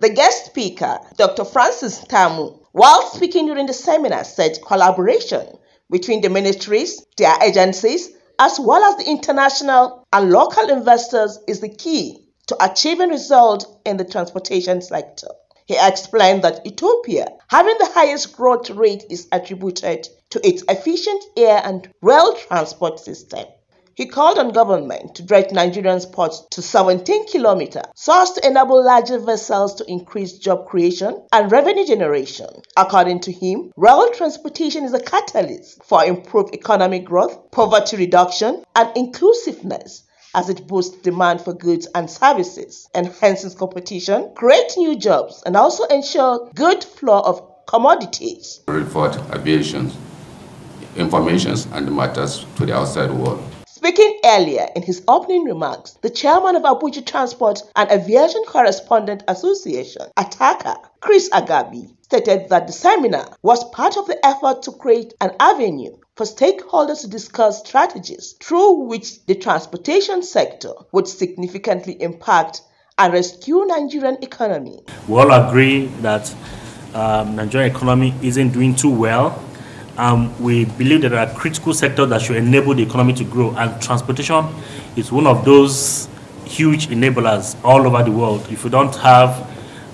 The guest speaker, Dr. Francis Tamu, while speaking during the seminar, said collaboration between the ministries, their agencies, as well as the international and local investors is the key to achieving results in the transportation sector. He explained that Ethiopia, having the highest growth rate, is attributed to its efficient air and rail transport system. He called on government to dredge Nigerian ports to 17 kilometers so as to enable larger vessels to increase job creation and revenue generation. According to him, rail transportation is a catalyst for improved economic growth, poverty reduction, and inclusiveness as it boosts demand for goods and services, enhances competition, creates new jobs, and also ensure good flow of commodities. Report aviation information and matters to the outside world. Speaking earlier in his opening remarks, the chairman of Abuja Transport and Aviation Correspondent Association, ATACA, Chris Agabi, stated that the seminar was part of the effort to create an avenue for stakeholders to discuss strategies through which the transportation sector would significantly impact and rescue Nigerian economy. We all agree that um, Nigerian economy isn't doing too well um, we believe that there are critical sectors that should enable the economy to grow, and transportation is one of those huge enablers all over the world. If you don't have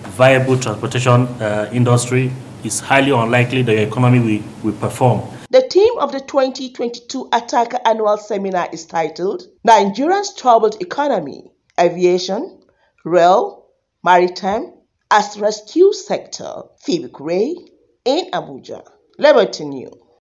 viable transportation uh, industry, it's highly unlikely the economy will, will perform. The theme of the 2022 Attacker Annual Seminar is titled Nigeria's Troubled Economy, Aviation, Rail, Maritime as Rescue Sector, Phoebe Gray in Abuja. Liberty News.